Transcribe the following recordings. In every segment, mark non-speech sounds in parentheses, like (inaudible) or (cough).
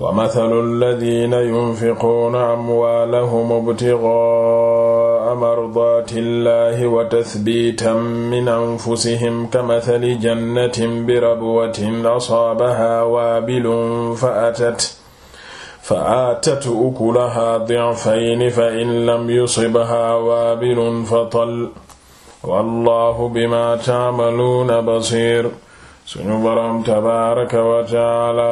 wa mathalu alladina yunfiquuna amwaalahum ibtighaa'a mardaati llahi wa tathbiitan min anfusihim kamathali jannatin birabwatin asaabahaa waabilun fa atat fa aatat ukulahaa di'fayni fa in lam yusibhaa waabilun fa tal wallahu bimaa ta'maluuna basiir suñu boroom tabaaraka wa ta'aala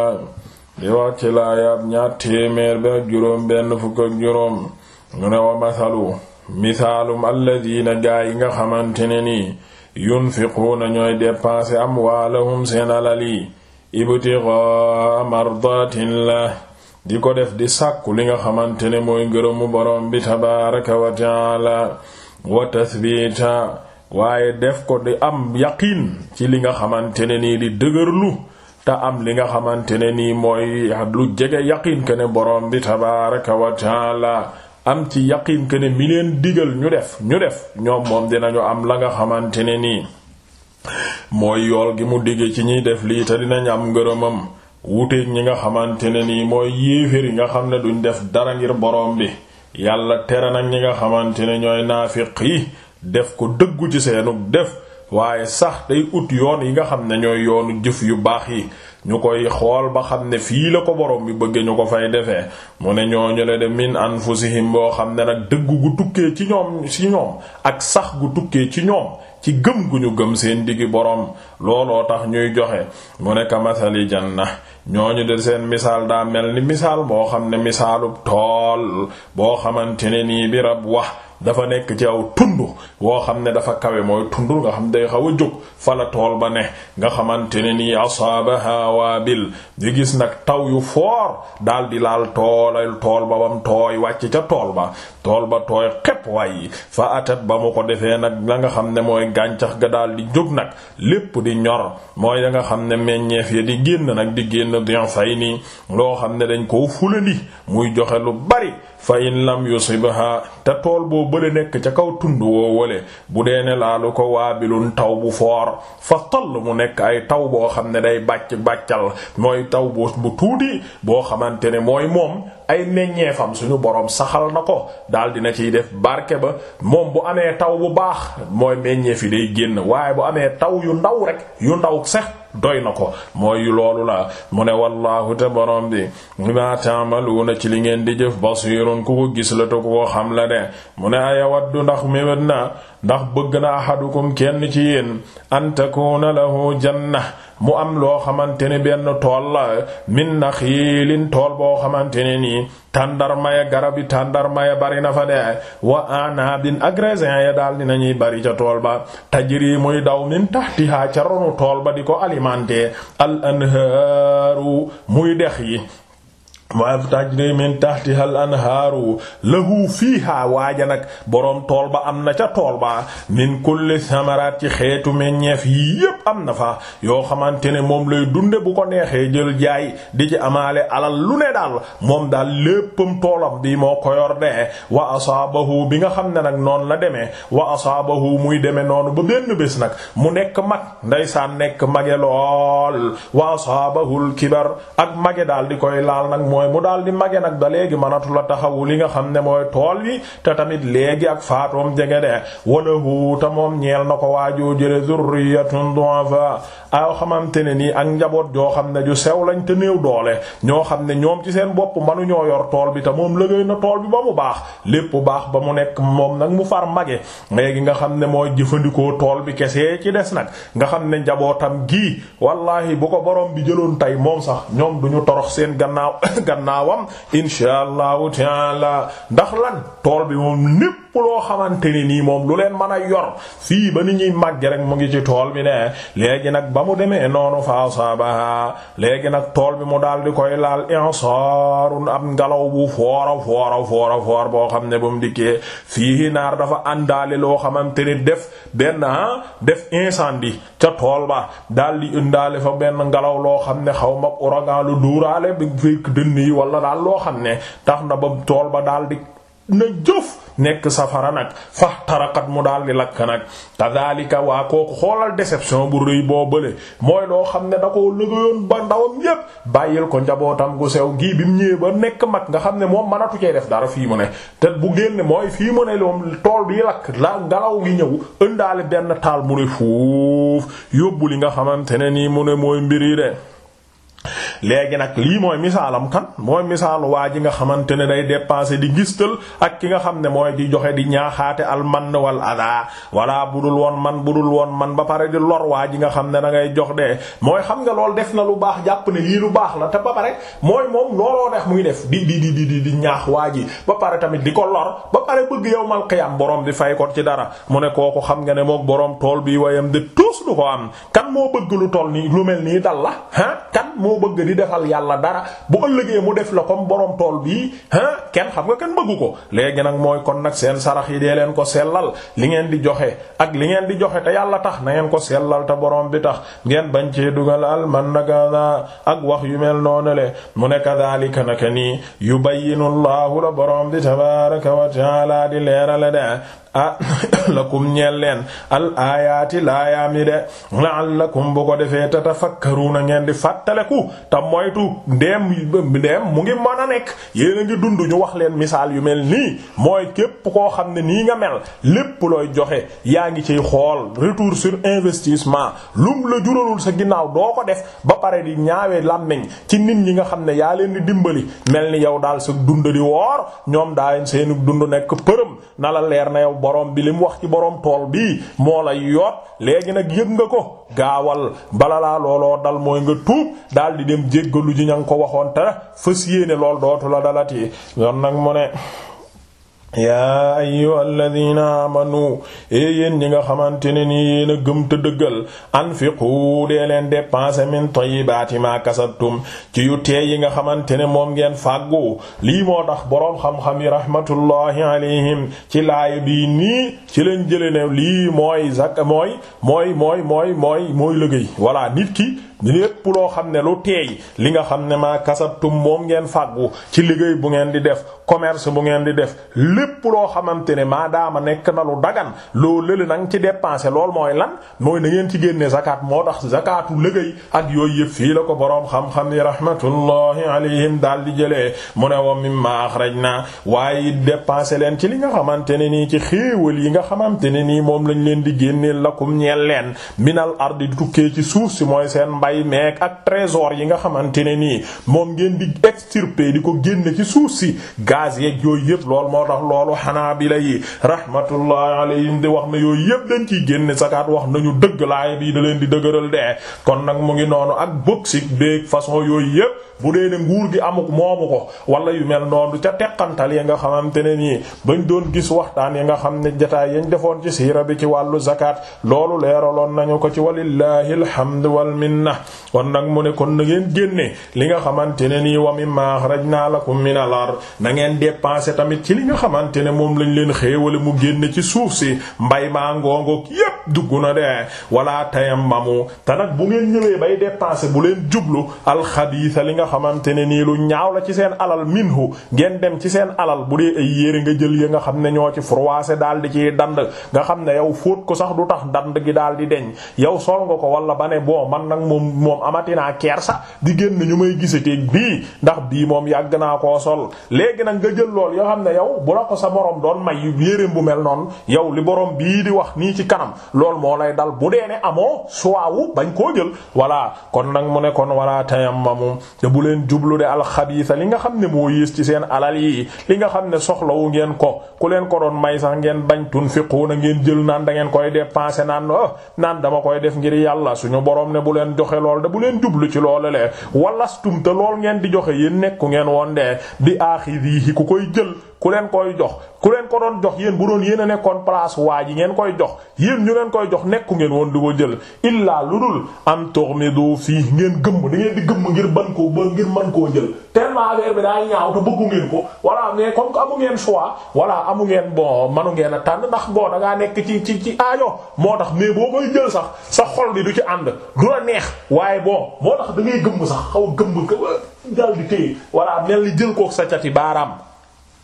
di wax ci laayaab ñaar téeméer bi juróom benn fukk ak juróom mu ne wa masalu misaalum alladina gaa yi nga xamante ne nii yunfiquuna ñooy dépenser amwaalahum seen alal yi ibtigaa mardatillah di ko def di sàkku li nga xamante ne mooy ngërëmu boroom bi tabaaraka wa taala wa tathbiita waaye def ko di am yaqiin ci li nga xamante ne nii di dëgërlu te am li nga xamante ne nii mooy lu jege yaqin ke ne borom bi tabaraka wa taala am ci yaqin ke ne mi leen digal ñu def ñu def ñoom moom dinañu am la nga xamante ne nii mooy yool gi mu digge ci ñiy def lii te dinañ am ngërëmam wuteeg ñi nga xamante ne nii mooy yéefér yi nga xam ne duñ def dara ngir borom bi yàlla tere nag ñi nga xamante ne ñooy naafiq yi def ko dëggu ci seenu def waaye sax tey ut yoon yi nga xam ne ñooy yoonu jëf yu baax yi ñu koy xool ba xam ne fii la ko borom bi bëgge ñu ko fay defee mu ne ñooñu le de min anfusihim boo xam ne nag dëgg gu tukkee ci ñoom ci ñoom ak sax gu tukkee ci ñoom ci gëm gu ñu gëm seen digi borom looloo tax ñuy joxe mu ne kamathali janna ñooñu de seen misaal daa mel ni misaal boo xam ne misaalub tool boo xamante ne nii bi rab wax dafa nekk ci aw tund woo xam ne dafa kawe mooy tund nga xam day xaw a jóg fala tool ba ne nga xamante ne nii asaabaha waabil di gis nag taw yu foor daal di laal toolal tool ba bam tooy wàcc ca tool ba tool ba tooy xepp waaye fa atat ba mu ko defee nag la nga xam ne mooy gàncax ga daal di jóg nag lépp di ñor mooy da nga xam ne meññeef ya di génn nag di génn dion fay nii loo xam ne dañ koo fulandi muy joxe lu bari fa in lam yusibha te tool boo bële nekk ca kaw tund woo bu dee ne laalu ko waabilun taw bu foor fa toll mu nekk ay taw boo xam ne day bàcc bàccal mooy taw bu bu tuuti boo xamante ne mooy moom ay meññeefam suñu borom saxal na ko daal dina ciy def barke ba moom bu amee taw bu baax mooy meññeef yi day génn waaye bu amee taw yu ndaw rek yu ndaw sax doy na ko mooy loolu la mu ne wallaahu te borom bi bima ta'maluuna ci li ngeen di jëf basiirun ku ko gis la te ko xam la de mu ne ayawaddu ndax méwét na ndax bëgg na ahadukum kenn ci yéen an takuna lahu janna mu am loo xamante ne benn tool la min naxiilin tool boo xamante ne nii tàndarma ya garab yi tàndarma ya bari na fa de wa anabin ak raisin ya daal nañuy bari ca tool ba tajri muy daw min tahtiha ca ronu tool ba di ko alimenter al anhaaru muy dex yi wa tajri min tahtiha al anhaaru lahu fiiha waaja nag boroom tool ba am na ca tool ba min kulli samaraat ci xeetu meññeef yii yépp am na fa yoo xamante ne moom lay dunde bu ko neexee jël jaay di ci amaale alal lu ne daal moom daal léppam toolam bi moo ko yor de wa asaabahu bi nga xam ne nag noonu la demee wa asaabahu muy demee noonu ba benn bés nag mu nekk mag saan nekk mage lool wa asaabahul kibar ak mage daal di koy laal nag mooy mooy mu daal di mage nag ba léegi mënatu la taxawu li nga xam ne mooy tool yi te tamit léegi ak faatoom jege de walahu ta moom ñeel na ko waa waajoo jële zurriyatun du'afa aw xamante ne nii ak njaboot joo xam ne ju sew lañ te néew doole ñoo xam ne ñoom ci seen bopp manu yor tool bi te moom lëgëy na tool bi ba mu baax lépp baax ba mu nekk moom nag mu far mage léegi nga xam ne mooy jëfandikoo tool bi kese ci des nag nga xam ne njabootam gii wallahi bu bi jëloon tey moom sax (coughs) gannaawam insha allahu taala ndax lan tool bi moom népp loo xamante ne nii moom lu leen man a yor fii ba ni ñuy màgge rek mu ngi ci tool bi ne léegi nag ba mu demee noonu fa asaabaha léegi nag tool bi mu daal di koy laal insaarun am ngelaw bu foora foora foora foor boo xam ne ba mu dikkee fii naar dafa ànd daale loo xamante ni def benn ah def incendie ca tool ba daal di daale fa benn ngelaw loo xam ne xaw ma ouragan lu duuraale bi fekk dënn yi wala daal loo xam ne tax na ba tool ba daal di na jëf nekk safara nag fa tarakat mu daal di lakk nag kadhalika waa kooku xoolal déception bu rëy boo bële mooy loo xam ne da koo lëgëyoon ba ndawam yépp bàyyil ko njabootam gu sew gii bi mu ñëwee ba nekk mag nga xam ne moom mënatu cee def dara fii mu ne te bu génne mooy fii mu ne moom tool bi lakk la ngalaw gi ñëw ëndaale benn taal mu ne fuuf yóbbu li nga xamante ne nii mu ne mooy mbir yi de léegi nag lii mooy misaalam kan mooy misaalu waa ji nga xamante ne day dépenser di ngistal ak ki nga xam ne mooy di joxe di ñaaxaate al man wal ada walla woon man budul woon man ba pare di lor waa ji nga xam ne da ngay jox de mooy xam nga lool def na lu baax jàpp ne lii lu baax la te ba pare mooy moom looloo neex muy def di di di di di ñaax waa ji ba pare tamit di ko lor ba pare bëgg yow mal xiyam borom bi fay ko ci dara mu ne kooku xam nga ne moom borom tool bi wayam de tous kan moo bëgg lu tool nii lu mel nii dal la ah kan moo bëgg di defal yàlla dara bu ëllëgee mu def la comme boroom tool bii ah kenn xam nga kenn bëggu ko léegi nag mooy kon nag seen sarax yi dee leen ko sellal li ngeen di joxe ak li ngeen di joxe te yàlla tax na ngeen ko sellal te boroom bi tax ngeen bañ cee dugal alman nagana ak wax yu mel noonu le mu ne kadhalika naka nii yu Allahu la borom bi tabaaraka wa di leerale de ah (coughs) lakum ñeel leen al aayaati laayaam yi de la'allakum bu ko defee te na ngeen di fàttaleku te moytu ndeem ndeem mu ngi mën a nekk yéen ngi dund ñu wax leen misaal yu mel nii mooy képp koo xam ne nii nga mel lépp looy joxe yaa ngi ciy xool retour sur investissement lum la juralul sa ginnaaw doo ko def ba pare di ñaawe làmmiñ ci nit ñi nga xam ne yaa leen di dimbali mel ni yow daal sa dund di woor ñoom daa leen seen dund nekk përëm na la leer borom bi li mu wax ci borom tool bii moo la yoot léegi nag yëg nga ko gaawal bala laa looloo dal mooy nga tuub daal di dem jéggalu ji ña nga ko waxoon te fas yéene lool dootu la dalati yoon nag mu ne yaa ayyuha alladina amanu e yéen ñi nga xamante ne ni yéen gëm te dëggal anfiku dee leen dépenser min tayyibati ma kasabtum ci yu tee yi nga xamante ne moom ngeen fàggu lii moo tax boroom xam-xam yi rahmatullahi alayhim ci laay bii nii ci leen jële lii mooy zak mooy mooy mooy mooy mooy mooy liggéey walla nit ki lépp loo xam ne lu teey li nga xam ne maa kasabtum moom ngeen fàggu ci liggéey bu ngeen di def commerce bu ngeen di def lépp loo xamante ne maa maadaama nekk na lu dagan loo lële nang ci dépenser lool mooy lan mooy na ngeen ci génne zakat moo tax zakatu lëgëy ak yooyu yëpp fii la ko boroom xam-xam yi rahmatullahi alayhim daal di jëlee mu ne wa mimma naa waaye dépenser leen ci li nga xamante ne nii ci xéewal yi nga xamante ne nii moom lañ leen di génneel lakum ñeel leen minal ardi di tukkee ci suuf si mooy seen mbay meek ak trésor yi nga xamante ne nii moom ngeen di extirper di ko génne ci suuf si gaz yeeg yooyu yëpp lool loolu xanaabila yi rahmatullahi alayhim di wax na yooyu yëpp dañ ci génne zakaat wax nañu dëgg laay bi da leen di dëgëral de kon nag mu ngi noonu ak boksik beeg façon yooyu yëpp bu dee ne nguur gi amuk moomu ko wala yu mel noonu ca teqantal ya nga xamante ne nii bañ doon gis waxtaan yi nga xam ne jotaay yañ defoon ci siira bi ci wàllu zakat loolu leeraloon nañu ko ci walillahi alhamdu wal minna kon nag mu ne kon na ngeen génne li nga xamante ne nii wa mimma akhrajna lakum min al na ngeen dépenser xamante ne moom lañ leen xéewale mu génn ci suuf si mbay maa ngoongook dugg na de wala tayammamu te nag bu ngeen ñëwee bay dépenser bu leen jublu alxabiisa li nga xamante ne nii lu ñaaw la ci seen alal minhu ngeen dem ci seen alal bu dee ay yére nga jël ya nga xam ne ñoo ci froissé daal di ciy dand nga xam ne yow fóot ko sax du tax dand gi daal di deñ yow sol nga ko wala ba ne bon man nag moom moom keer sax di génn ñu may gisateeg bii ndax bii moom yàgg naa koo sol léegi nag nga jël lool yoo xam ne yow bu sa borom may yéreem bu mel noonu yow li borom bii di wax nii ci kanam loolu moo lay dal bu dee ne amoo suwaawu bañ koo jël voilà kon nag mu nekkoon ne kon wala tayammamu te bu leen jublu de alxabiisa li nga xam ne moo yées ci seen alal yi li nga xam ne soxlawu ngeen ko ku leen ko doon may sax ngeen bañ na ngeen jël naan da ngeen koy dépenser naan ah naan dama koy def ngir yàlla suñu borom ne bu leen joxe lool de bu leen jublu ci loolu le walastum te lool ngeen di joxe yéen nekku ngeen woon de bi aaxidihi ku koy jël ku leen koy jox ku leen ko doon jox yéen bu doon yéen a nekkoon place waa ji ngeen koy jox yéen ñu leen koy jox nekku ngeen woon di ko jël illaa lu dul am du fii ngeen gëmm da ngeen di gëmm ngir ban koo ba ngir mën koo jël tellement affaire bi daa ñaaw bëggu ngeen ko voilà mais comme que amu ngeen amu ngeen bon manu ngeen a tànn ndax boo nekk ci ci ci aajo moo tax mais boo koy jël sax sa xol bi du ci ànd du la neex waaye boo moo tax da ngay sax xaw gëmm ko dal di téye voilà mel ni jël kook sa cati baaraam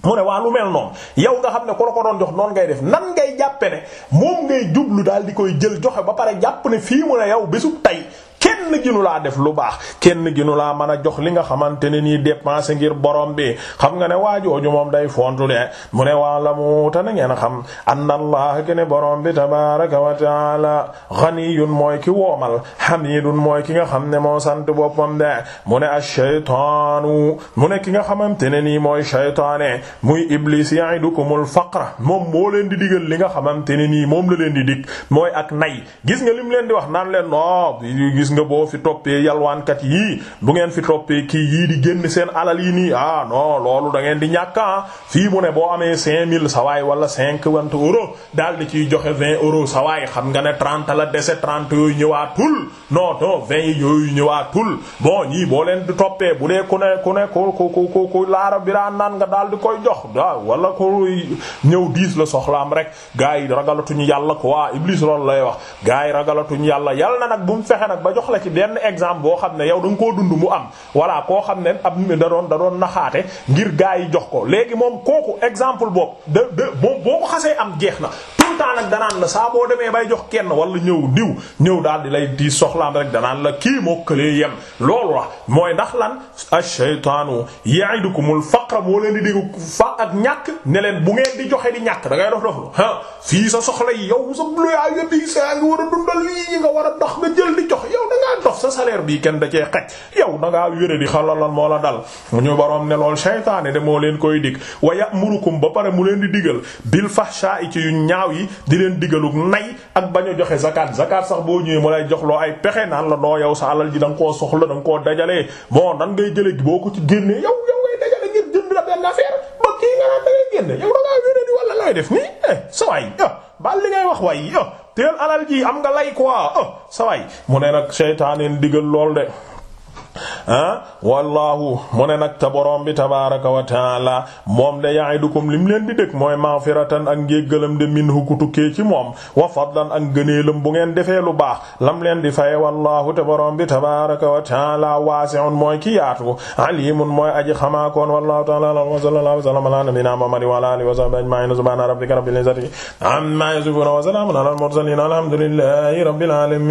mu ne waa lu mel noonu yow nga xam ne ku la ko doon jox noonu ngay def nan ngay jàppe ne moom ngay jublu daal di koy jël joxe ba pare jàpp ne fii mu ne yow bésub tey kenn ginu laa def lu baax kenn ginu laa mën a jox li nga xamante ne nii dépenser ngir borom bi xam nga ne waajooju moom day fontu de mu ne waa la mu te na ngeen xam anna allah ke ne borom bi tabaraka wa taala ghaniyun mooy ki woomal hamidun mooy ki nga xam ne moo sant boppam de mu ne ash-shaytaanu mu ne ki nga xamante ne nii mooy shaytaane muy iblis ya'idukumul faqra moom moo leen di digal li nga xamante ne nii moom la leen di dig mooy ak nay gis nga lim leen gis nga boo fi toppee yalwaankat yii bu ngeen fi toppee kii yii di génn seen alal yi nii ah non loolu da di ñàkk ah fii mu ne boo amee cinq mille sawaay wala cinquante euros daal di ciy joxe vingt euros sawaay xam nga ne trente la dese trente yooyu ñëwaatul non non vingt yooyu ñëwaatul bon ñii boo leen di toppee bu dee ku ne ku ne ku ku ku ku laara biraa naan nga daal di koy jox waaw wala ko ñëw diis la soxlaam rek gaa yi ragalatuñu yàlla quoi iblis loolu jox la ci benn exemple boo xam ne yow da nga koo dund mu am voilà koo xam ne ab da doon da doon naxaate ngir gaa yi jox ko léegi moom kooku exemple boobu de de boo boo ko xasee am jeex na tout le temps nag danaan la saa boo demee bay jox kenn wala ñëw diw ñëw daal di lay di soxlaam rek danaan la kii moo këlee yem loolu la mooy ndax lan ash-shaytaanu ya'idukumul faqra moo leen di dégg fa ak ñàkk ne leen bu ngeen di joxe di ñàkk da ngay dof dof lu fii sa soxla yi yow sa war a dundal lii ñi nga war a dox nga jël di jox yow da ngaa dox sa salaire bii kenn da cee xaj yow da ngaa wéré di xalalan moo la dal ñu boroom ne lool shaytaane de moo leen koy dig wa ya'murukum ba pare mu leen di digal bil fahsha'i ci yu ñaaw yi di leen digalug nay ak bañ a joxe zakat zakat sax boo ñëwee mu lay jox loo ay pexe naan la noo yow sa alal ji da koo soxla da nga koo dajalee bon nan ngay jëlee boo ko ci génnee yow yow ngay dajale ngir jënd la benn affaire ba kii nga naan da génne yow da ngaa wéré di lay def nii eh sa waay eh, li ngay wax waay ah teel alal ji am nga lay ko ah eh, sa mu ne nag seytaaneen digal lool de. ah wallahu mu ne nag te borom bi tabaaraka wa taala moom de ya'idukum lim leen di dëkk mooy maghfiratan ak njéggalam de minhu ku tukkee moom wa fadlan ak ngëneelam bu ngeen defee lu baax lam leen di faye wallahu te borom bi tabaaraka wa taala waasi'un mooy ki yaatu alimun mooy aji xamaa koon wallahu taala wa sallallahu wa sallama ala nabina muhammadin wa ala alihi wa sahbihi ajma'in subhana rabbika